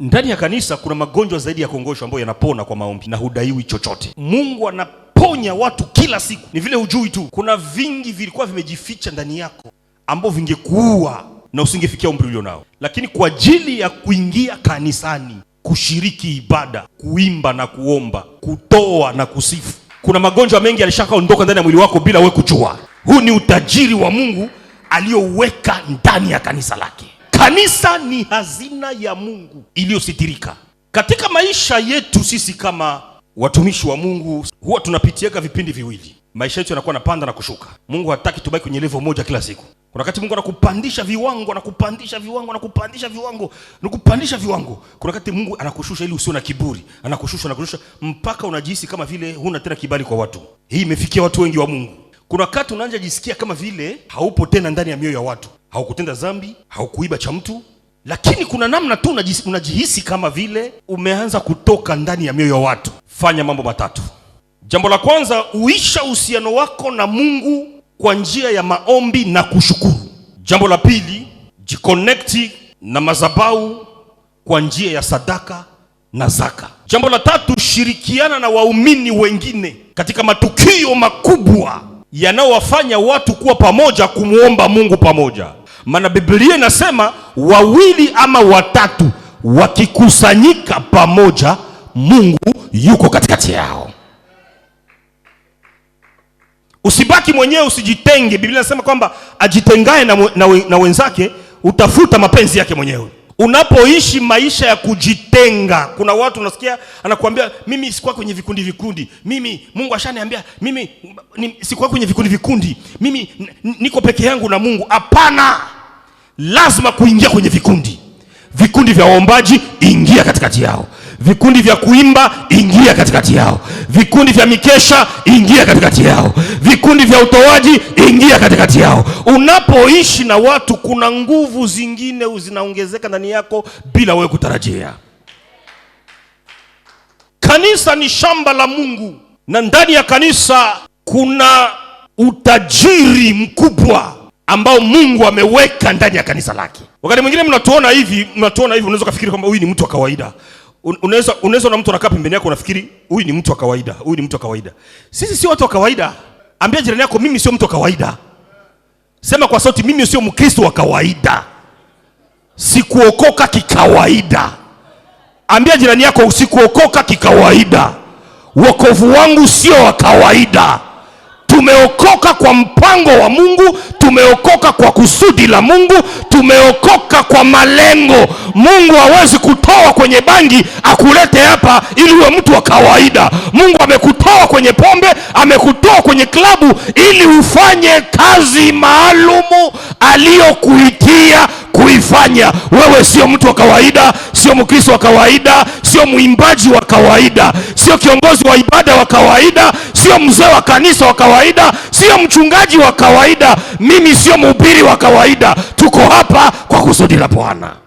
Ndani ya kanisa kuna magonjwa zaidi ya kongosho ambayo yanapona kwa maombi na hudaiwi chochote. Mungu anaponya watu kila siku, ni vile hujui tu. Kuna vingi vilikuwa vimejificha ndani yako ambao vingekuua na usingefikia umri ulio nao, lakini kwa ajili ya kuingia kanisani, kushiriki ibada, kuimba na kuomba, kutoa na kusifu, kuna magonjwa mengi yalishakaondoka ndani ya mwili wako bila we kujua. Huu ni utajiri wa Mungu aliyoweka ndani ya kanisa lake. Kanisa ni hazina ya Mungu iliyositirika. Katika maisha yetu sisi kama watumishi wa Mungu huwa tunapitiaka vipindi viwili. Maisha yetu yanakuwa napanda na kushuka. Mungu hataki tubaki kwenye level moja kila siku. Kuna wakati Mungu anakupandisha viwango, anakupandisha viwango, anakupandisha viwango, anakupandisha viwango. Kuna wakati Mungu anakushusha ili usio na kiburi, anakushusha, anakushusha mpaka unajihisi kama vile huna tena kibali kwa watu. Hii imefikia watu wengi wa Mungu. Kuna wakati unaanza jisikia kama vile haupo tena ndani ya mioyo ya watu haukutenda dhambi, haukuiba cha mtu, lakini kuna namna tu unajihisi kama vile umeanza kutoka ndani ya mioyo ya watu. Fanya mambo matatu. Jambo la kwanza, uisha uhusiano wako na Mungu kwa njia ya maombi na kushukuru. Jambo la pili, jikonekti na mazabau kwa njia ya sadaka na zaka. Jambo la tatu, shirikiana na waumini wengine katika matukio makubwa yanayowafanya watu kuwa pamoja, kumwomba Mungu pamoja. Maana Biblia inasema wawili ama watatu wakikusanyika pamoja, Mungu yuko katikati yao. Usibaki mwenyewe, usijitenge. Biblia inasema kwamba ajitengae na, na, na wenzake utafuta mapenzi yake mwenyewe. Unapoishi maisha ya kujitenga, kuna watu unasikia anakuambia mimi sikuwa kwenye vikundi vikundi, mimi Mungu ashaniambia mimi sikuwa kwenye vikundi vikundi, mimi niko peke yangu na Mungu. Hapana lazima kuingia kwenye vikundi. Vikundi vya waombaji, ingia katikati yao. Vikundi vya kuimba, ingia katikati yao. Vikundi vya mikesha, ingia katikati yao. Vikundi vya utoaji, ingia katikati yao. Unapoishi na watu, kuna nguvu zingine zinaongezeka ndani yako bila wewe kutarajia. Kanisa ni shamba la Mungu, na ndani ya kanisa kuna utajiri mkubwa ambao Mungu ameweka ndani ya kanisa lake. Wakati mwingine mnatuona hivi, mnatuona hivi, unaweza kufikiri kwamba huyu ni mtu wa kawaida. Unaweza unaweza na mtu anakaa pembeni yako unafikiri huyu ni mtu wa kawaida, huyu ni mtu wa kawaida. Sisi sio watu wa kawaida. Ambia jirani yako mimi sio mtu wa kawaida. Sema kwa sauti mimi sio Mkristo wa kawaida. Sikuokoka kikawaida. Ambia jirani yako usikuokoka kikawaida. Wokovu wangu sio wa kawaida. Tumeokoka kwa mpango wa Mungu, tumeokoka kwa kusudi la Mungu, tumeokoka kwa malengo. Mungu hawezi kutoa kwenye bangi akulete hapa ili uwe mtu wa kawaida. Mungu amekutoa kwenye pombe, amekutoa kwenye klabu ili ufanye kazi maalumu aliyokuitia kuifanya. Wewe sio mtu wa kawaida, sio Mkristo wa kawaida, sio mwimbaji wa kawaida, sio kiongozi wa ibada wa kawaida, sio mzee wa kanisa wa kawaida, sio mchungaji wa kawaida, mimi sio mhubiri wa kawaida. Tuko hapa kwa kusudi la Bwana.